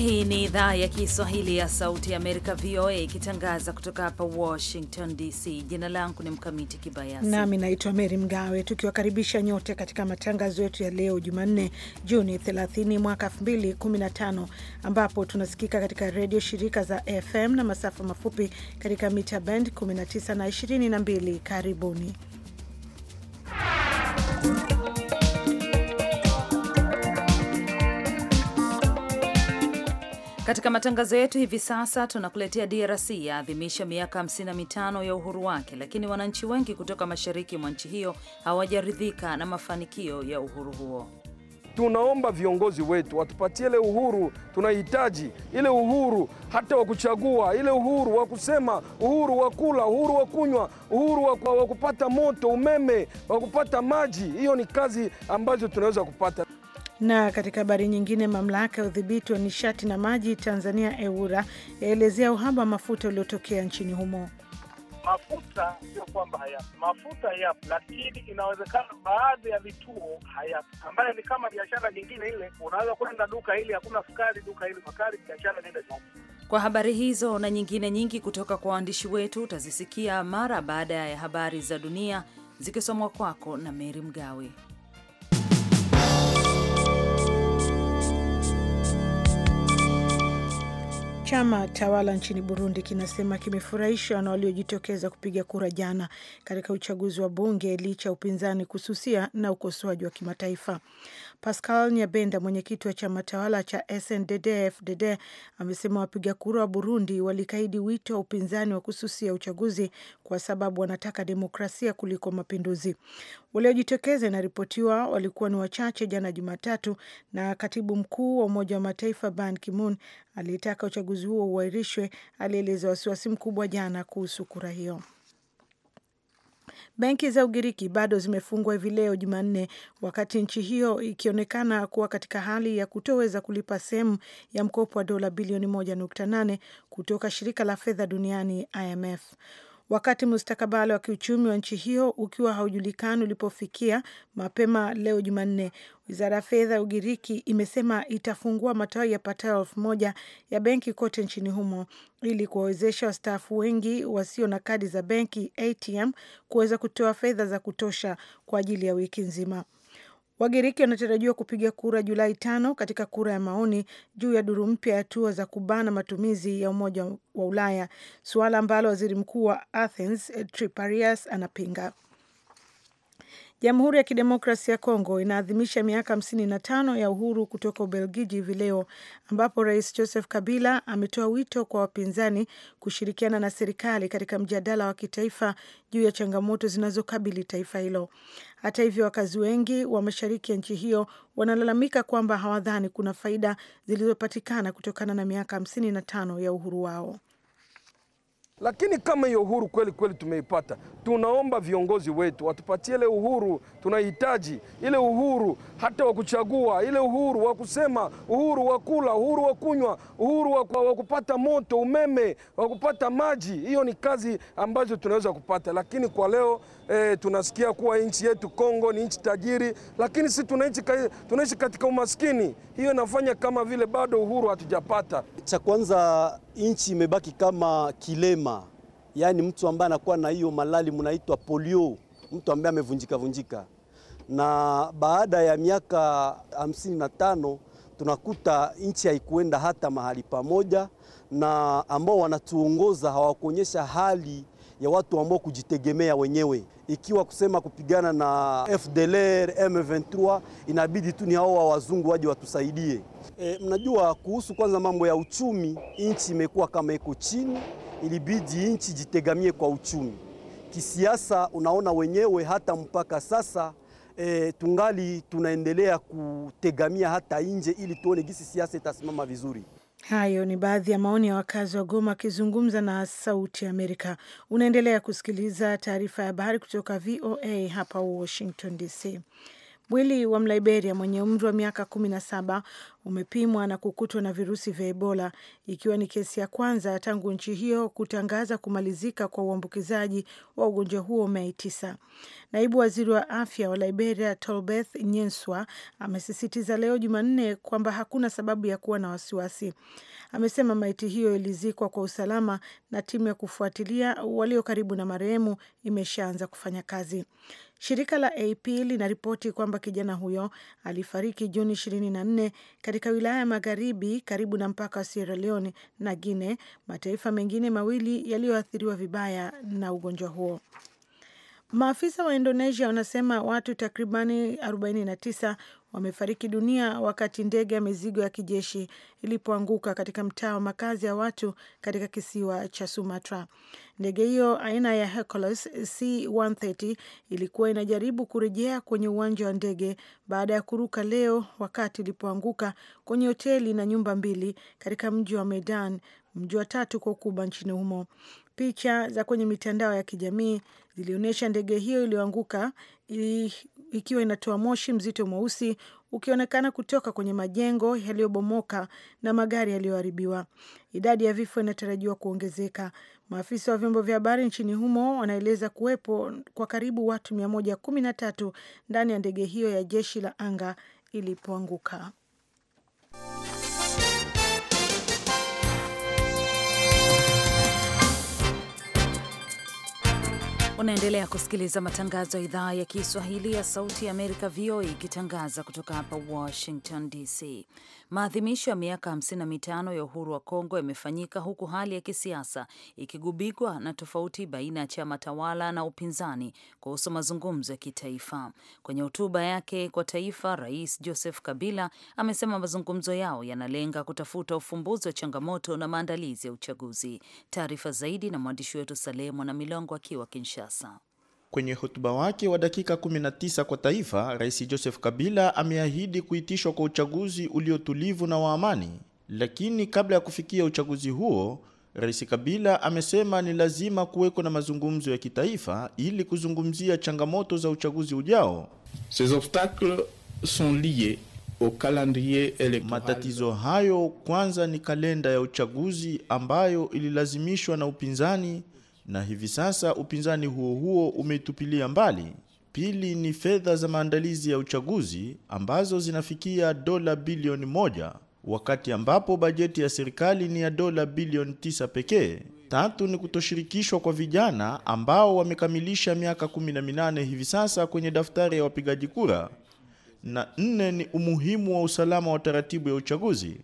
Hii ni idhaa ya Kiswahili ya Sauti ya Amerika, VOA, ikitangaza kutoka hapa Washington DC. Jina langu ni Mkamiti Kibayasi nami naitwa Meri Mgawe, tukiwakaribisha nyote katika matangazo yetu ya leo Jumanne, Juni 30 mwaka 2015, ambapo tunasikika katika redio shirika za FM na masafa mafupi katika mita band 19 na 22. Karibuni Katika matangazo yetu hivi sasa tunakuletea DRC yaadhimisha miaka 55 ya uhuru wake, lakini wananchi wengi kutoka mashariki mwa nchi hiyo hawajaridhika na mafanikio ya uhuru huo. Tunaomba viongozi wetu watupatie ile uhuru tunahitaji, ile uhuru hata wa kuchagua, ile uhuru wa kusema, uhuru wa kula, uhuru wa kunywa, uhuru wa kupata moto, umeme, wa kupata maji. Hiyo ni kazi ambazo tunaweza kupata. Na katika habari nyingine, mamlaka ya udhibiti wa nishati na maji Tanzania EWURA yaelezea uhaba wa mafuta uliotokea nchini humo. Mafuta sio kwamba hayapo, mafuta yapo, lakini inawezekana baadhi ya vituo hayapo, ambayo ni kama biashara nyingine ile. Unaweza kwenda duka hili hakuna sukari, duka hili makari, biashara nenda nyuma. Kwa habari hizo na nyingine nyingi kutoka kwa waandishi wetu utazisikia mara baada ya habari za dunia zikisomwa kwako na Meri Mgawe. Chama tawala nchini Burundi kinasema kimefurahishwa na waliojitokeza kupiga kura jana katika uchaguzi wa bunge licha ya upinzani kususia na ukosoaji wa kimataifa. Pascal Nyabenda, mwenyekiti wa chama tawala cha SNDDFDD, amesema wapiga kura wa Burundi walikaidi wito wa upinzani wa kususia uchaguzi kwa sababu wanataka demokrasia kuliko mapinduzi. Waliojitokeza inaripotiwa walikuwa ni wachache jana Jumatatu, na katibu mkuu wa Umoja wa Mataifa Ban Ki-moon aliyetaka uchaguzi huo uahirishwe alieleza wasiwasi mkubwa jana kuhusu kura hiyo. Benki za Ugiriki bado zimefungwa hivi leo Jumanne, wakati nchi hiyo ikionekana kuwa katika hali ya kutoweza kulipa sehemu ya mkopo wa dola bilioni 1.8 kutoka shirika la fedha duniani IMF wakati mustakabali wa kiuchumi wa nchi hiyo ukiwa haujulikani ulipofikia. Mapema leo Jumanne, wizara ya fedha ya Ugiriki imesema itafungua matawi patao elfu moja ya benki kote nchini humo ili kuwawezesha wastaafu wengi wasio na kadi za benki ATM kuweza kutoa fedha za kutosha kwa ajili ya wiki nzima. Wagiriki wanatarajiwa kupiga kura Julai tano katika kura ya maoni juu ya duru mpya ya hatua za kubana matumizi ya Umoja wa Ulaya, suala ambalo waziri mkuu wa Athens triparias anapinga. Jamhuri ya kidemokrasi ya Kongo inaadhimisha miaka 55 ya uhuru kutoka Ubelgiji hivi leo, ambapo Rais Joseph Kabila ametoa wito kwa wapinzani kushirikiana na serikali katika mjadala wa kitaifa juu ya changamoto zinazokabili taifa hilo. Hata hivyo, wakazi wengi wa mashariki ya nchi hiyo wanalalamika kwamba hawadhani kuna faida zilizopatikana kutokana na miaka 55 ya uhuru wao. Lakini kama hiyo uhuru kweli kweli tumeipata, tunaomba viongozi wetu watupatie ile uhuru tunahitaji, ile uhuru hata wa kuchagua, ile uhuru wa kusema, uhuru wa kula, uhuru wa kunywa, uhuru wa kupata moto, umeme, wa kupata maji. Hiyo ni kazi ambazo tunaweza kupata, lakini kwa leo e, tunasikia kuwa nchi yetu Kongo ni nchi tajiri, lakini si tunaishi tunaishi katika umaskini. Hiyo inafanya kama vile bado uhuru hatujapata. Cha kwanza nchi imebaki kama kilema, yaani mtu ambaye anakuwa na hiyo malali mnaitwa polio, mtu ambaye amevunjika vunjika. Na baada ya miaka hamsini na tano tunakuta nchi haikuenda hata mahali pamoja, na ambao wanatuongoza hawakuonyesha hali ya watu ambao kujitegemea wenyewe ikiwa kusema kupigana na FDLR M23, inabidi tu ni hao wa wazungu waje watusaidie. E, mnajua kuhusu kwanza mambo ya uchumi, nchi imekuwa kama iko chini, ilibidi nchi jitegamie kwa uchumi. Kisiasa unaona wenyewe hata mpaka sasa E, tungali tunaendelea kutegamia hata nje ili tuone gisi siasa itasimama vizuri. Hayo ni baadhi ya maoni ya wakazi wa Goma akizungumza na Sauti Amerika. Unaendelea kusikiliza taarifa ya habari kutoka VOA hapa Washington DC. Mwili wa Mliberia mwenye umri wa miaka 17 umepimwa na kukutwa na virusi vya Ebola, ikiwa ni kesi ya kwanza tangu nchi hiyo kutangaza kumalizika kwa uambukizaji wa ugonjwa huo Mei tisa. Naibu waziri wa afya wa Liberia, Tolbeth Nyenswa, amesisitiza leo Jumanne kwamba hakuna sababu ya kuwa na wasiwasi. Amesema maiti hiyo ilizikwa kwa usalama na timu ya kufuatilia walio karibu na marehemu imeshaanza kufanya kazi. Shirika la AP linaripoti kwamba kijana huyo alifariki Juni 24 katika wilaya ya Magharibi karibu na mpaka wa Sierra Leone na Guinea, mataifa mengine mawili yaliyoathiriwa vibaya na ugonjwa huo. Maafisa wa Indonesia wanasema watu takribani 49 wamefariki dunia wakati ndege ya mizigo ya kijeshi ilipoanguka katika mtaa wa makazi ya watu katika kisiwa cha Sumatra. Ndege hiyo aina ya Hercules C130 ilikuwa inajaribu kurejea kwenye uwanja wa ndege baada ya kuruka leo wakati ilipoanguka kwenye hoteli na nyumba mbili katika mji wa Medan, mji wa tatu kwa ukubwa nchini humo. Picha za kwenye mitandao ya kijamii zilionyesha ndege hiyo iliyoanguka ikiwa inatoa moshi mzito mweusi ukionekana kutoka kwenye majengo yaliyobomoka na magari yaliyoharibiwa. Idadi ya vifo inatarajiwa kuongezeka. Maafisa wa vyombo vya habari nchini humo wanaeleza kuwepo kwa karibu watu mia moja kumi na tatu ndani ya ndege hiyo ya jeshi la anga ilipoanguka. Unaendelea kusikiliza matangazo ya idhaa ya Kiswahili ya Sauti ya Amerika, VOA, ikitangaza kutoka hapa Washington DC. Maadhimisho ya miaka 55 ya uhuru wa Kongo yamefanyika huku hali ya kisiasa ikigubikwa na tofauti baina ya chama tawala na upinzani kuhusu mazungumzo ya kitaifa. Kwenye hotuba yake kwa taifa, Rais Joseph Kabila amesema mazungumzo yao yanalenga kutafuta ufumbuzi wa changamoto na maandalizi ya uchaguzi. Taarifa zaidi na mwandishi wetu salemu na Milongo akiwa Kinshasa sasa. Kwenye hotuba wake wa dakika 19 kwa taifa, Rais Joseph Kabila ameahidi kuitishwa kwa uchaguzi uliotulivu na wa amani. Lakini kabla ya kufikia uchaguzi huo, Rais Kabila amesema ni lazima kuweko na mazungumzo ya kitaifa ili kuzungumzia changamoto za uchaguzi ujao. Ces obstacles sont liés au calendrier electoral. Matatizo hayo kwanza ni kalenda ya uchaguzi ambayo ililazimishwa na upinzani na hivi sasa upinzani huo huo umeitupilia mbali. Pili ni fedha za maandalizi ya uchaguzi ambazo zinafikia dola bilioni moja wakati ambapo bajeti ya serikali ni ya dola bilioni tisa pekee. Tatu ni kutoshirikishwa kwa vijana ambao wamekamilisha miaka 18 hivi sasa kwenye daftari ya wapigaji kura, na nne ni umuhimu wa usalama wa taratibu ya uchaguzi.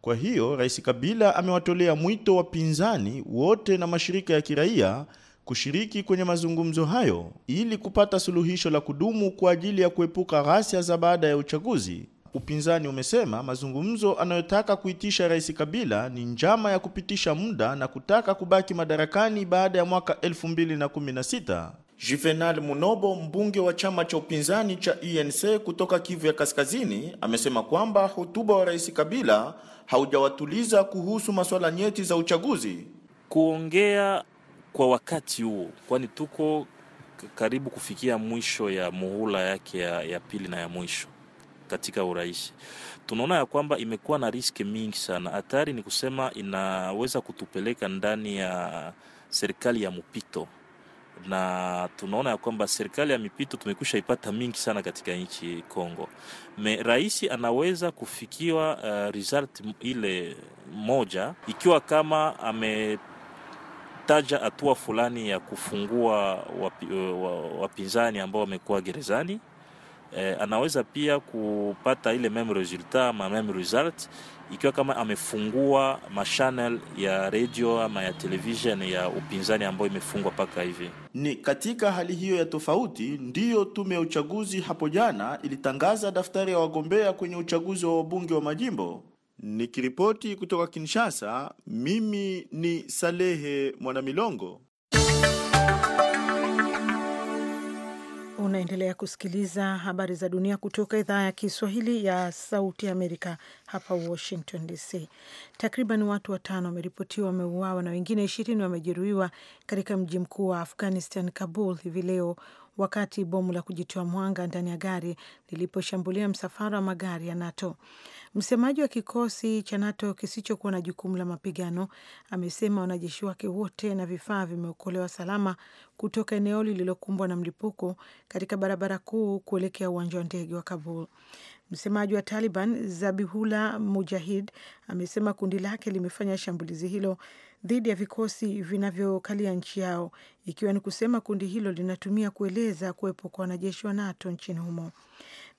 Kwa hiyo Rais Kabila amewatolea mwito wapinzani wote na mashirika ya kiraia kushiriki kwenye mazungumzo hayo ili kupata suluhisho la kudumu kwa ajili ya kuepuka ghasia za baada ya uchaguzi. Upinzani umesema mazungumzo anayotaka kuitisha Rais Kabila ni njama ya kupitisha muda na kutaka kubaki madarakani baada ya mwaka 2016. Juvenal Munobo, mbunge wa chama cha upinzani cha ENC kutoka Kivu ya Kaskazini, amesema kwamba hotuba wa Rais Kabila haujawatuliza kuhusu masuala nyeti za uchaguzi. Kuongea kwa wakati huo, kwani tuko karibu kufikia mwisho ya muhula yake ya, ya pili na ya mwisho katika urais, tunaona ya kwamba imekuwa na riski mingi sana. Hatari ni kusema inaweza kutupeleka ndani ya serikali ya mpito na tunaona ya kwamba serikali ya mipito tumekwisha ipata mingi sana katika nchi Kongo, me rais anaweza kufikiwa uh, result ile moja ikiwa kama ametaja hatua fulani ya kufungua wapi, eh, wapinzani ambao wamekuwa gerezani. E, anaweza pia kupata ile meme resultat ma meme result ikiwa kama amefungua mashanel ya redio ama ya televishen ya upinzani ambayo imefungwa mpaka hivi. Ni katika hali hiyo ya tofauti ndiyo tume ya uchaguzi hapo jana ilitangaza daftari ya wagombea kwenye uchaguzi wa wabunge wa majimbo. Nikiripoti kutoka Kinshasa, mimi ni Salehe Mwanamilongo. Unaendelea kusikiliza habari za dunia kutoka idhaa ya Kiswahili ya Sauti Amerika hapa Washington DC. Takriban watu watano wameripotiwa wameuawa na wengine ishirini wamejeruhiwa katika mji mkuu wa Afghanistan, Kabul, hivi leo wakati bomu la kujitoa mwanga ndani ya gari liliposhambulia msafara wa magari ya NATO. Msemaji wa kikosi cha NATO kisichokuwa na jukumu la mapigano amesema wanajeshi wake wote na vifaa vimeokolewa salama kutoka eneo lililokumbwa na mlipuko katika barabara kuu kuelekea uwanja wa ndege wa Kabul. Msemaji wa Taliban Zabihullah Mujahid amesema kundi lake limefanya shambulizi hilo dhidi ya vikosi vinavyokalia nchi yao, ikiwa ni kusema kundi hilo linatumia kueleza kuwepo kwa wanajeshi wa NATO nchini humo.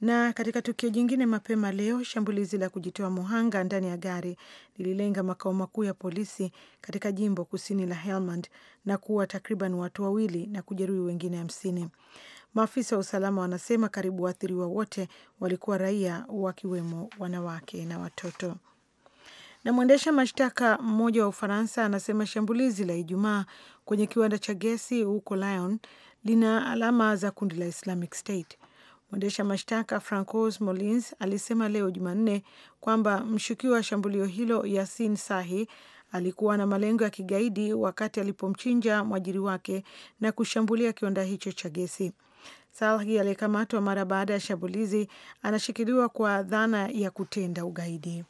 Na katika tukio jingine, mapema leo, shambulizi la kujitoa muhanga ndani ya gari lililenga makao makuu ya polisi katika jimbo kusini la Helmand na kuua takriban watu wawili na kujeruhi wengine hamsini. Maafisa wa usalama wanasema karibu waathiriwa wote walikuwa raia, wakiwemo wanawake na watoto. Na mwendesha mashtaka mmoja wa Ufaransa anasema shambulizi la Ijumaa kwenye kiwanda cha gesi huko Lyon lina alama za kundi la Islamic State. Mwendesha mashtaka Francois Molins alisema leo Jumanne kwamba mshukiwa wa shambulio hilo Yasin Sahi alikuwa na malengo ya kigaidi wakati alipomchinja mwajiri wake na kushambulia kiwanda hicho cha gesi. Salhi aliyekamatwa mara baada ya shambulizi anashikiliwa kwa dhana ya kutenda ugaidi.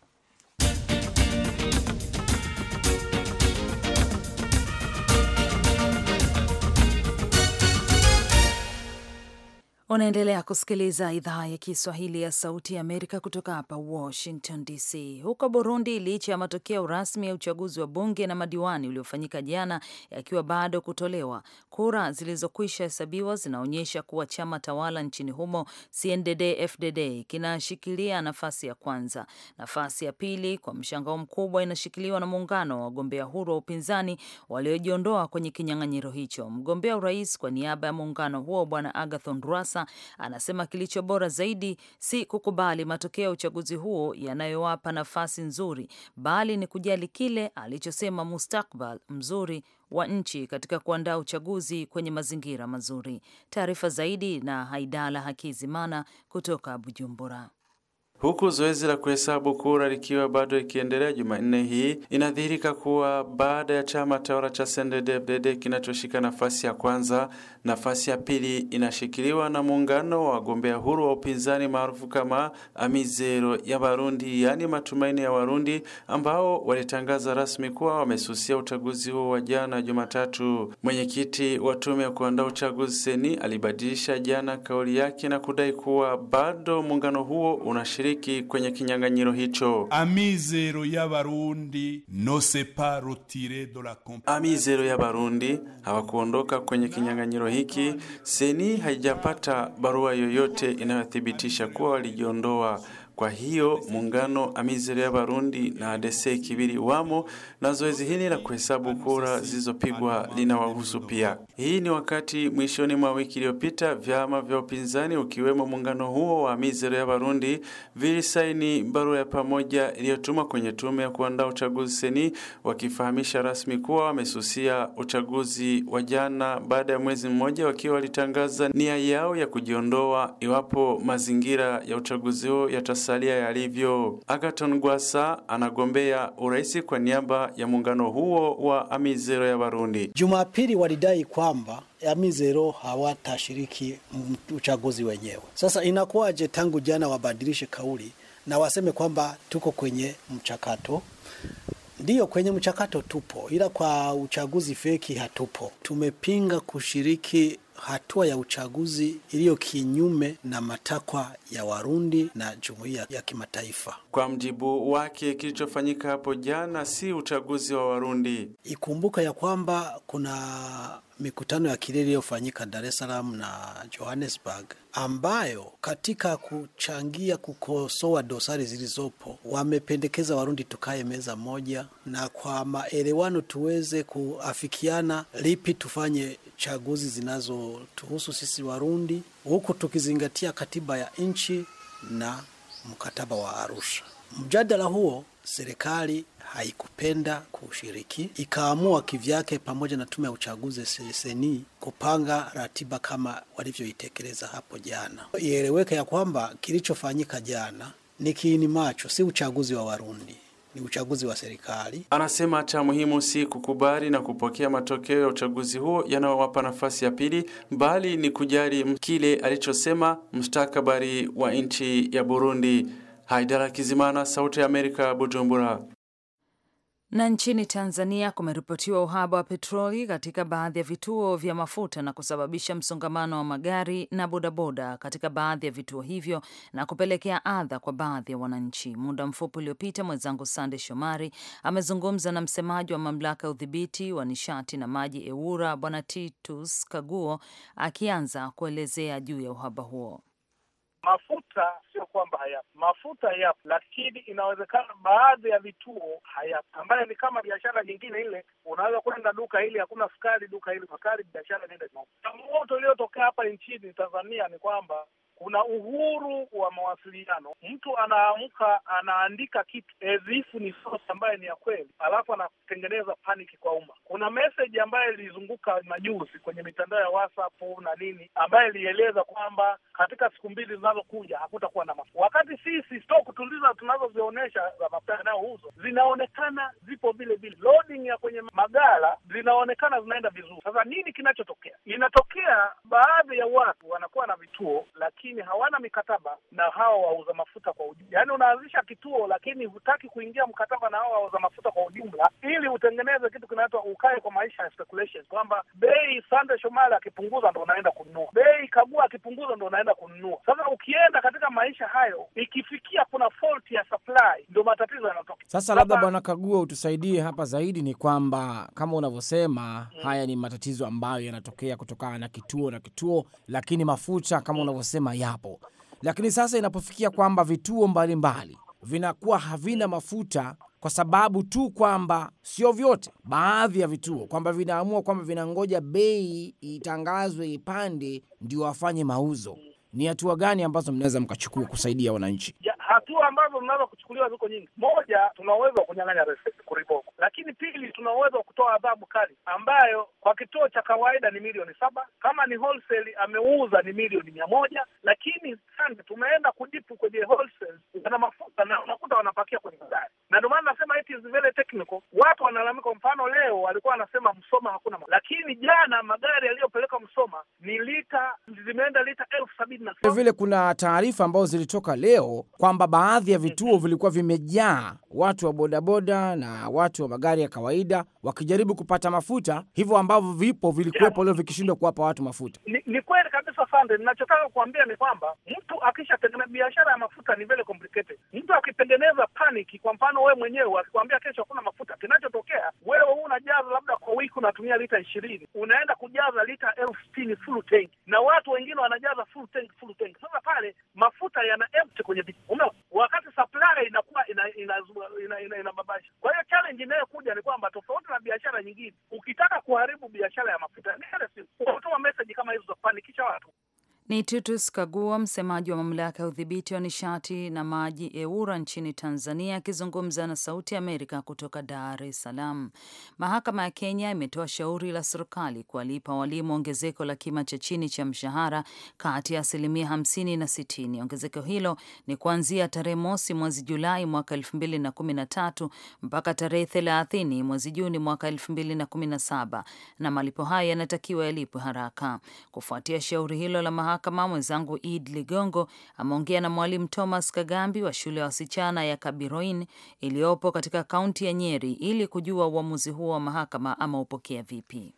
Unaendelea kusikiliza idhaa ya Kiswahili ya Sauti ya Amerika kutoka hapa Washington DC. Huko Burundi, licha ya matokeo rasmi ya uchaguzi wa bunge na madiwani uliofanyika jana yakiwa bado kutolewa, kura zilizokwisha hesabiwa zinaonyesha kuwa chama tawala nchini humo CNDD-FDD kinashikilia nafasi ya kwanza. Nafasi ya pili kwa mshangao mkubwa inashikiliwa na muungano wa wagombea huru wa upinzani waliojiondoa kwenye kinyang'anyiro hicho. Mgombea urais kwa niaba ya muungano huo Bwana Agathon Rwasa anasema kilicho bora zaidi si kukubali matokeo ya uchaguzi huo yanayowapa nafasi nzuri, bali ni kujali kile alichosema mustakbal mzuri wa nchi katika kuandaa uchaguzi kwenye mazingira mazuri. Taarifa zaidi na Haidala Hakizimana kutoka Bujumbura. Huku zoezi la kuhesabu kura likiwa bado ikiendelea Jumanne hii, inadhihirika kuwa baada ya chama tawala cha CNDD-FDD kinachoshika nafasi ya kwanza, nafasi ya pili inashikiliwa na muungano wa wagombea huru wa upinzani maarufu kama Amizero ya Warundi, yaani matumaini ya Warundi, ambao walitangaza rasmi kuwa wamesusia uchaguzi huo wa jana Jumatatu. Mwenyekiti wa tume ya kuandaa uchaguzi seni alibadilisha jana kauli yake na kudai kuwa bado muungano huo unashiriki kushiriki kwenye kinyang'anyiro hicho. Amizero y'Abarundi no pa rotire do la Amizero ya Barundi hawakuondoka kwenye kinyang'anyiro hiki. Seni haijapata barua yoyote inayothibitisha kuwa walijiondoa kwa hiyo muungano Amizero barundi na ADC Kibiri wamo na zoezi hili la kuhesabu kura zilizopigwa linawahusu pia. Hii ni wakati mwishoni mwa wiki iliyopita vyama vya upinzani ukiwemo muungano huo wa ya barundi vilisaini barua ya pamoja iliyotumwa kwenye tume ya kuandaa uchaguzi seni, wakifahamisha rasmi kuwa wamesusia uchaguzi wa jana baada ya mwezi mmoja, wakiwa walitangaza nia yao ya kujiondoa iwapo mazingira ya uchaguzi huo yata yamesalia yalivyo. Agaton Gwasa anagombea uraisi kwa niaba ya muungano huo wa Amizero ya Barundi. Jumapili walidai kwamba Amizero hawatashiriki uchaguzi wenyewe. Sasa inakuwaje tangu jana wabadilishe kauli na waseme kwamba tuko kwenye mchakato? Ndiyo, kwenye mchakato tupo, ila kwa uchaguzi feki hatupo. Tumepinga kushiriki hatua ya uchaguzi iliyo kinyume na matakwa ya Warundi na jumuiya ya kimataifa. Kwa mjibu wake, kilichofanyika hapo jana si uchaguzi wa Warundi. Ikumbuka ya kwamba kuna mikutano ya kilele iliyofanyika Dar es Salaam na Johannesburg, ambayo katika kuchangia kukosoa dosari zilizopo, wamependekeza Warundi tukae meza moja na kwa maelewano tuweze kuafikiana lipi tufanye chaguzi zinazotuhusu sisi Warundi, huku tukizingatia katiba ya nchi na mkataba wa Arusha. Mjadala huo serikali haikupenda kuushiriki, ikaamua kivyake pamoja na tume ya uchaguzi seni kupanga ratiba kama walivyoitekeleza hapo jana. Ieleweke ya kwamba kilichofanyika jana ni kiini macho, si uchaguzi wa Warundi, ni uchaguzi wa serikali. Anasema cha muhimu si kukubali na kupokea matokeo ya uchaguzi huo yanayowapa nafasi ya pili, bali ni kujali kile alichosema mustakabali wa nchi ya Burundi. Haidara Kizimana, Sauti ya Amerika, Bujumbura. Na nchini Tanzania kumeripotiwa uhaba wa petroli katika baadhi ya vituo vya mafuta na kusababisha msongamano wa magari na bodaboda katika baadhi ya vituo hivyo na kupelekea adha kwa baadhi ya wananchi. Muda mfupi uliopita, mwenzangu Sande Shomari amezungumza na msemaji wa mamlaka ya udhibiti wa nishati na maji EWURA, Bwana Titus Kaguo, akianza kuelezea juu ya uhaba huo. Mafuta kwamba hayapo, mafuta yapo lakini inawezekana baadhi ya vituo hayapo, ambayo ni kama biashara nyingine ile. Unaweza kwenda duka hili hakuna sukari, duka hili sukari, biashara nende. Changamoto iliyotokea hapa nchini Tanzania ni kwamba kuna uhuru wa mawasiliano. Mtu anaamka anaandika kitu ezifu ni source ambaye ni ya kweli, alafu anatengeneza paniki kwa umma. Kuna meseji ambayo ilizunguka majuzi kwenye mitandao ya WhatsApp na nini, ambayo ilieleza kwamba katika siku mbili zinazokuja hakutakuwa na mafuta, wakati sisi stoku kutuliza tunazozionyesha za mafuta yanayouzwa zinaonekana zipo vile vile, loading ya kwenye magala zinaonekana zinaenda vizuri. Sasa nini kinachotokea? Inatokea baadhi ya watu wanakuwa na vituo lakini hawana mikataba na hawa wauza mafuta kwa ujumla. Yaani unaanzisha kituo, lakini hutaki kuingia mkataba na hawa wauza mafuta kwa ujumla, ili utengeneze kitu kinaitwa ukae kwa maisha ya speculation, kwamba bei Sande Shomari akipunguza ndo unaenda kununua, bei Kagua akipunguza ndo unaenda kununua. Sasa ukienda katika maisha hayo, ikifikia kuna fault ya supply, ndo matatizo yanatokea. Sasa labda Bwana Kagua utusaidie hapa zaidi, ni kwamba kama unavyosema, hmm, haya ni matatizo ambayo yanatokea kutokana na kituo na kituo, lakini mafuta kama mm. unavyosema anasema yapo, lakini sasa inapofikia kwamba vituo mbalimbali vinakuwa havina mafuta kwa sababu tu kwamba sio vyote, baadhi ya vituo kwamba vinaamua kwamba vinangoja bei itangazwe ipande ndio wafanye mauzo. Ni hatua gani ambazo mnaweza mkachukua kusaidia wananchi? ambavyo mnaweza kuchukuliwa ziko nyingi. Moja, tuna uwezo wa kunyang'anya leseni kuriboko, lakini pili, tuna uwezo wa kutoa adhabu kali ambayo kwa kituo cha kawaida ni milioni saba, kama ni wholesale ameuza ni milioni mia moja, lakini tumeenda kudipu kwenye wholesale, wana mafuta na unakuta wanapakia kwenye gari na ndio maana nasema it is very technical. Watu wanalalamika, kwa mfano leo walikuwa wanasema Msoma hakuna lakini jana magari yaliyopelekwa Msoma ni lita zimeenda lita elfu sabini na vile. Kuna taarifa ambazo zilitoka leo kwamba baadhi ya vituo vilikuwa vimejaa watu wa bodaboda na watu wa magari ya kawaida wakijaribu kupata mafuta, hivyo ambavyo vipo vilikuwepo leo vikishindwa kuwapa watu mafuta. Ni, ni kweli kabisa Sande, ninachotaka kuambia ni kwamba mtu akishatengeneza biashara ya mafuta ni very complicated. Mtu akitengeneza panic, kwa mfano wewe mwenyewe akikwambia kesho hakuna mafuta, kinachotokea wewe huu unajaza labda kwa wiki unatumia lita ishirini, unaenda kujaza lita elfu sitini full tank, na watu wengine wanajaza full tank, full tank. Sasa pale mafuta yana empty kwenye umeona, wakati supply inakuwa inababaisha. Kwa hiyo challenge inayokuja ni kwamba tofauti na biashara nyingine, ukitaka kuharibu biashara ya mafuta, nenda message kama hizo Nikki Jordan. Ni Titus Kagua, msemaji wa mamlaka ya udhibiti wa nishati na maji EWURA nchini Tanzania, akizungumza na Sauti Amerika kutoka Dar es Salaam. Mahakama ya Kenya imetoa shauri la serikali kuwalipa walimu ongezeko la kima cha chini cha mshahara kati ya asilimia hamsini na sitini. Ongezeko hilo ni kuanzia tarehe mosi mwezi Julai mwaka elfu mbili na kumi na tatu mpaka tarehe thelathini mwezi Juni mwaka elfu mbili na kumi na saba na malipo haya yanatakiwa yalipwe haraka kufuatia shauri hilo la mahakama mahakama mwenzangu Id Ligongo ameongea na mwalimu Thomas Kagambi wa shule ya wasichana ya Kabiroin iliyopo katika kaunti ya Nyeri ili kujua uamuzi huo wa mahakama ameupokea vipi.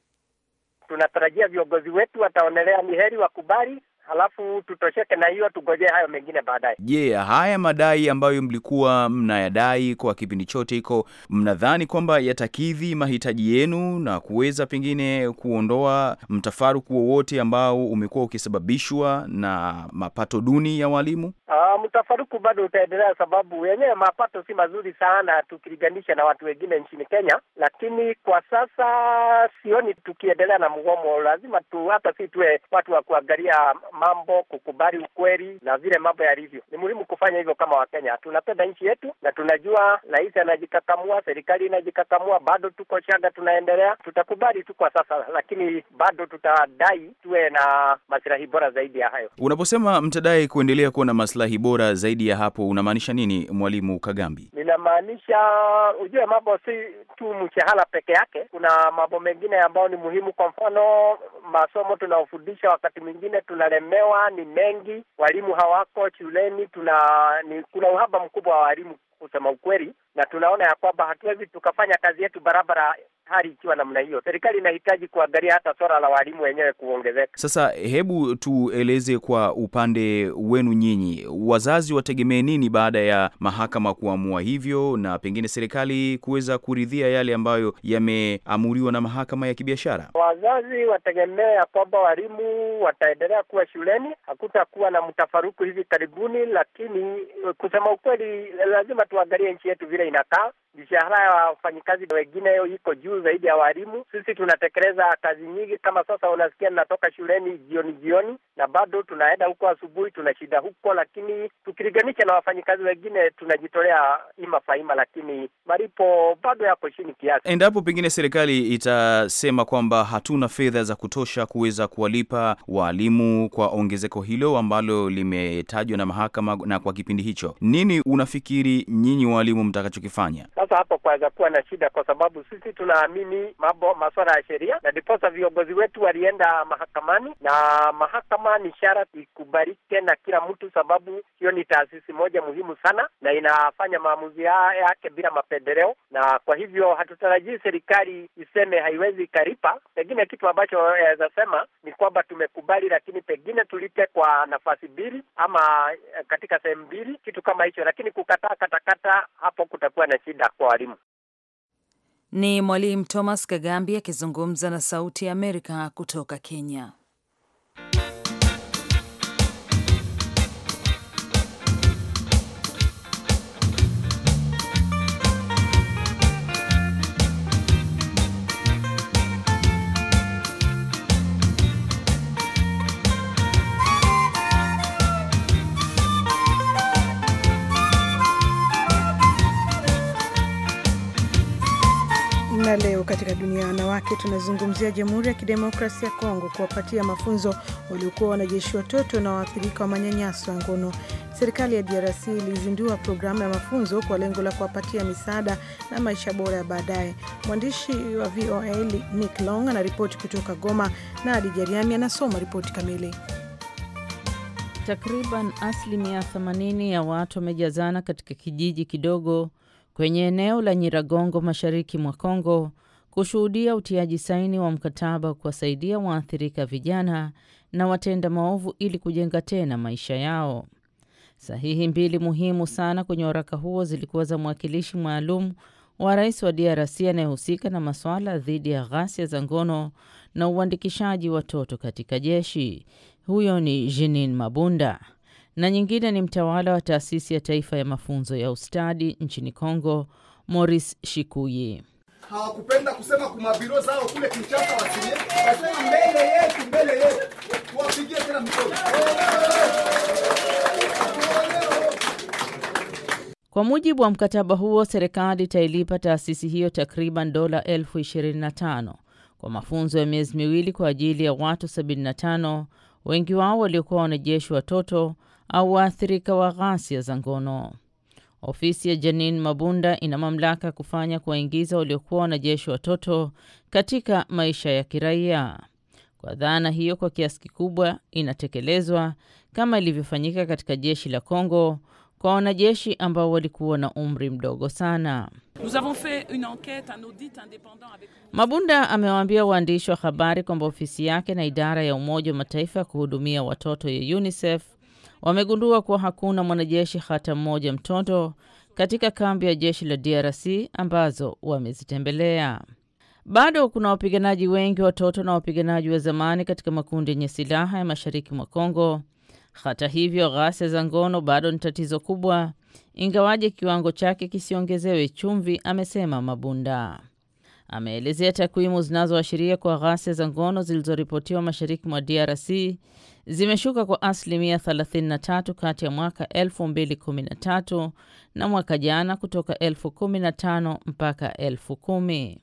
Tunatarajia viongozi wetu wataonelea ni heri wakubali halafu tutosheke na hiyo, tugoje hayo mengine baadaye. Je, yeah, haya madai ambayo mlikuwa mnayadai kwa kipindi chote hiko, mnadhani kwamba yatakidhi mahitaji yenu na kuweza pengine kuondoa mtafaruku wowote ambao umekuwa ukisababishwa na mapato duni ya walimu? Uh, mtafaruku bado utaendelea, sababu yenyewe mapato si mazuri sana tukilinganisha na watu wengine nchini Kenya, lakini kwa sasa sioni tukiendelea na mgomo. Lazima tu hata si tuwe watu wa kuangalia mambo, kukubali ukweli na vile mambo yalivyo. Ni muhimu kufanya hivyo kama Wakenya, tunapenda nchi yetu na tunajua rais anajikakamua, serikali inajikakamua, bado tuko shanga, tunaendelea. Tutakubali tu kwa sasa, lakini bado tutadai tuwe na masilahi bora zaidi ya hayo. Unaposema mtadai kuendelea kuwa na maslahi bora zaidi ya hapo, unamaanisha nini mwalimu Kagambi? Ninamaanisha ujue, mambo si tu mshahara peke yake, kuna mambo mengine ambayo ni muhimu. Kwa mfano, masomo tunaofundisha wakati mwingine tunalemewa, ni mengi, walimu hawako shuleni, tuna ni, kuna uhaba mkubwa wa walimu kusema ukweli, na tunaona ya kwamba hatuwezi tukafanya kazi yetu barabara hali ikiwa namna hiyo. Serikali inahitaji kuangalia hata swala la walimu wenyewe kuongezeka. Sasa hebu tueleze kwa upande wenu nyinyi, wazazi wategemee nini baada ya mahakama kuamua hivyo na pengine serikali kuweza kuridhia yale ambayo yameamuriwa na mahakama ya kibiashara? Wazazi wategemea ya kwamba walimu wataendelea kuwa shuleni, hakutakuwa na mtafaruku hivi karibuni, lakini kusema ukweli lazima tuangalie nchi yetu vile inakaa. Mishahara ya wafanyikazi wengine iko juu zaidi ya walimu. Sisi tunatekeleza kazi nyingi, kama sasa unasikia ninatoka shuleni jioni jioni, na bado tunaenda huko asubuhi, shida huko, lakini tukilinganisha na wafanyikazi wengine tunajitolea ima faima, lakini malipo bado yako chini kiasi. Endapo pengine serikali itasema kwamba hatuna fedha za kutosha kuweza kuwalipa waalimu kwa ongezeko hilo ambalo limetajwa na mahakama na kwa kipindi hicho, nini unafikiri nyinyi walimu mtakachokifanya sasa? Hapo kwaweza kuwa na shida, kwa sababu sisi tunaamini mambo masuala ya sheria, na ndiposa viongozi wetu walienda mahakamani, na mahakama ni sharti ikubalike na kila mtu, sababu hiyo ni taasisi moja muhimu sana, na inafanya maamuzi yake bila mapendeleo. Na kwa hivyo hatutarajii serikali iseme haiwezi ikalipa. Pengine kitu ambacho yaweza sema ni kwamba tumekubali, lakini pengine tulipe kwa nafasi mbili ama katika sehemu mbili, kitu kama hicho, lakini kukataa kata kata, hapo kutakuwa na shida kwa walimu. Ni mwalimu Thomas Kagambi akizungumza na Sauti ya Amerika kutoka Kenya. katika dunia ya wanawake, tunazungumzia Jamhuri ya Kidemokrasia ya Kongo kuwapatia mafunzo waliokuwa wanajeshi watoto na waathirika wa manyanyaso ya ngono. Serikali ya DRC ilizindua programu ya mafunzo kwa lengo la kuwapatia misaada na maisha bora ya baadaye. Mwandishi wa VOA Nick Long anaripoti kutoka Goma na Adi Jariami anasoma ripoti kamili. Takriban asilimia 80 ya watu wamejazana katika kijiji kidogo kwenye eneo la Nyiragongo mashariki mwa Kongo kushuhudia utiaji saini wa mkataba wa kuwasaidia waathirika vijana na watenda maovu ili kujenga tena maisha yao. Sahihi mbili muhimu sana kwenye waraka huo zilikuwa za mwakilishi maalum wa rais wa DRC anayehusika na masuala dhidi ya ghasia za ngono na uandikishaji watoto katika jeshi, huyo ni jenin Mabunda, na nyingine ni mtawala wa taasisi ya taifa ya mafunzo ya ustadi nchini congo Maurice Shikuyi hawakupenda kusema kumabiro zao kule kinchasa wasiye wasema mbele yetu, mbele yetu, tuwapigie tena mikono. Kwa mujibu wa mkataba huo, serikali itailipa taasisi hiyo takriban dola 25 kwa mafunzo ya miezi miwili kwa ajili ya watu 75, wengi wao waliokuwa wanajeshi, watoto au waathirika wa ghasia za ngono. Ofisi ya Janine Mabunda ina mamlaka ya kufanya kuwaingiza waliokuwa wanajeshi watoto katika maisha ya kiraia. Kwa dhana hiyo, kwa kiasi kikubwa inatekelezwa kama ilivyofanyika katika jeshi la Kongo kwa wanajeshi ambao walikuwa na umri mdogo sana. Mabunda amewaambia waandishi wa habari kwamba ofisi yake na idara ya Umoja wa Mataifa ya kuhudumia watoto ya UNICEF wamegundua kuwa hakuna mwanajeshi hata mmoja mtoto katika kambi ya jeshi la DRC ambazo wamezitembelea. Bado kuna wapiganaji wengi watoto na wapiganaji wa zamani katika makundi yenye silaha ya mashariki mwa Kongo. Hata hivyo, ghasia za ngono bado ni tatizo kubwa, ingawaje kiwango chake kisiongezewe chumvi, amesema Mabunda. Ameelezea takwimu zinazoashiria kwa ghasia za ngono zilizoripotiwa mashariki mwa DRC zimeshuka kwa asilimia 33 kati ya mwaka 2013 na mwaka jana kutoka 15 mpaka 10,000.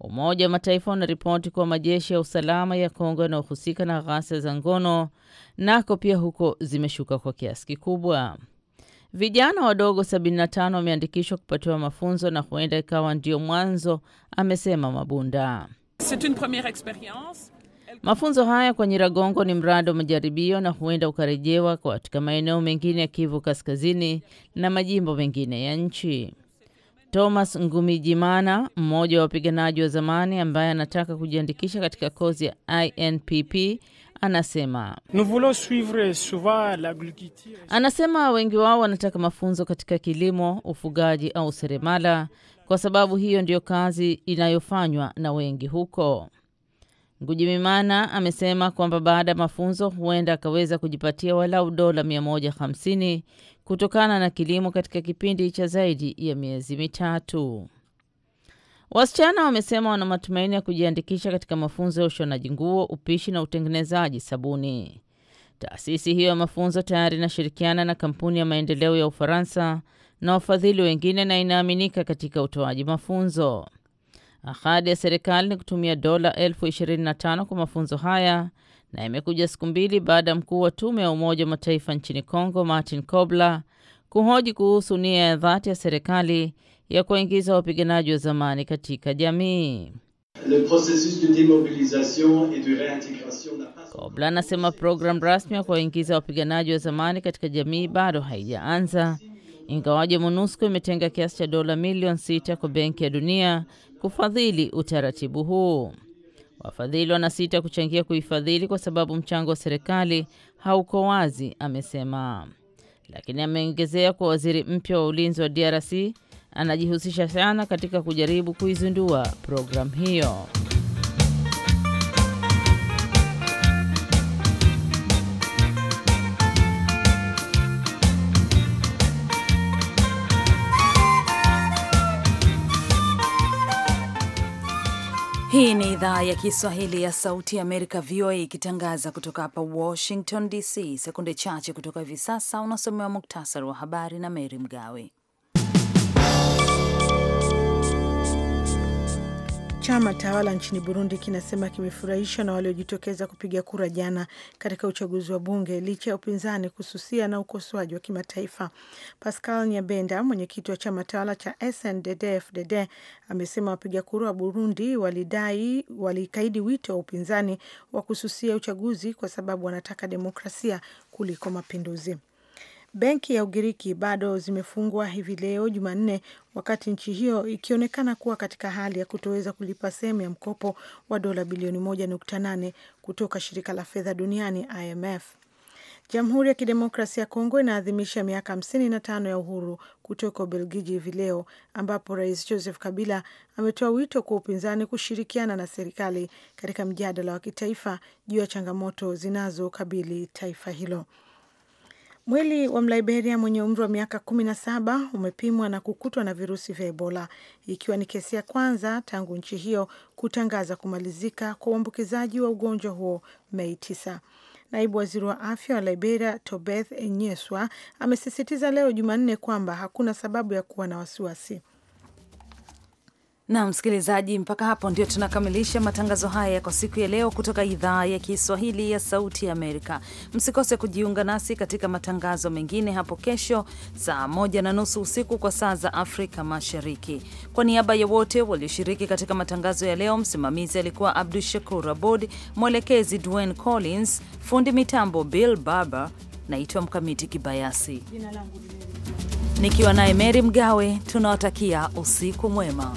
Umoja wa Mataifa unaripoti kuwa majeshi ya usalama ya Kongo yanayohusika na ghasia za ngono nako pia huko zimeshuka kwa kiasi kikubwa. Vijana wadogo 75 wameandikishwa kupatiwa mafunzo na huenda ikawa ndio mwanzo, amesema Mabunda. C'est une première expérience. Mafunzo haya kwa Nyiragongo ni mradi wa majaribio na huenda ukarejewa katika maeneo mengine ya Kivu Kaskazini na majimbo mengine ya nchi. Thomas Ngumijimana, mmoja wa wapiganaji wa zamani ambaye anataka kujiandikisha katika kozi ya INPP, anasema anasema wengi wao wanataka mafunzo katika kilimo, ufugaji au seremala, kwa sababu hiyo ndiyo kazi inayofanywa na wengi huko. Ngujimimana amesema kwamba baada ya mafunzo huenda akaweza kujipatia walau dola 150 kutokana na kilimo katika kipindi cha zaidi ya miezi mitatu. Wasichana wamesema wana matumaini ya kujiandikisha katika mafunzo ya ushonaji nguo, upishi na utengenezaji sabuni. Taasisi hiyo ya mafunzo tayari inashirikiana na kampuni ya maendeleo ya Ufaransa na wafadhili wengine na inaaminika katika utoaji mafunzo. Ahadi ya serikali ni kutumia dola elfu 25 kwa mafunzo haya na imekuja siku mbili baada ya mkuu wa tume ya Umoja wa Mataifa nchini Kongo Martin Kobler kuhoji kuhusu nia ya dhati ya serikali ya kuwaingiza wapiganaji wa zamani katika jamii. Kobla anasema programu rasmi ya kuwaingiza wapiganaji wa zamani katika jamii bado haijaanza, ingawaje MONUSCO imetenga kiasi cha dola milioni sita kwa Benki ya Dunia kufadhili utaratibu huu. Wafadhili wanasita kuchangia kuifadhili kwa sababu mchango wa serikali hauko wazi, amesema. Lakini ameongezea kuwa waziri mpya wa ulinzi wa DRC anajihusisha sana katika kujaribu kuizindua programu hiyo. Hii ni idhaa ya Kiswahili ya Sauti ya Amerika, VOA, ikitangaza kutoka hapa Washington DC. Sekunde chache kutoka hivi sasa unasomewa muktasari wa habari na Mary Mgawe. Chama tawala nchini Burundi kinasema kimefurahishwa na waliojitokeza kupiga kura jana katika uchaguzi wa bunge licha ya upinzani kususia na ukosoaji wa kimataifa. Pascal Nyabenda, mwenyekiti wa chama tawala cha snddfdd amesema wapiga kura wa Burundi walidai walikaidi wito wa upinzani wa kususia uchaguzi kwa sababu wanataka demokrasia kuliko mapinduzi. Benki ya Ugiriki bado zimefungwa hivi leo Jumanne, wakati nchi hiyo ikionekana kuwa katika hali ya kutoweza kulipa sehemu ya mkopo wa dola bilioni 1.8 kutoka shirika la fedha duniani IMF. Jamhuri ya Kidemokrasia ya Kongo inaadhimisha miaka 55 ya uhuru kutoka Ubelgiji hivi leo, ambapo Rais Joseph Kabila ametoa wito kwa upinzani kushirikiana na serikali katika mjadala wa kitaifa juu ya changamoto zinazokabili taifa hilo. Mwili wa Mliberia mwenye umri wa miaka kumi na saba umepimwa na kukutwa na virusi vya Ebola, ikiwa ni kesi ya kwanza tangu nchi hiyo kutangaza kumalizika kwa uambukizaji wa ugonjwa huo Mei t Naibu waziri wa afya wa Liberia, Tobeth Enyeswa, amesisitiza leo Jumanne kwamba hakuna sababu ya kuwa na wasiwasi na msikilizaji, mpaka hapo ndio tunakamilisha matangazo haya kwa siku ya leo kutoka idhaa ya Kiswahili ya Sauti ya Amerika. Msikose kujiunga nasi katika matangazo mengine hapo kesho saa moja na nusu usiku kwa saa za Afrika Mashariki. Kwa niaba ya wote walioshiriki katika matangazo ya leo, msimamizi alikuwa Abdu Shakur Abud, mwelekezi Dwayne Collins, fundi mitambo Bill Barber. Naitwa Mkamiti Kibayasi nikiwa naye Meri Mgawe, tunawatakia usiku mwema.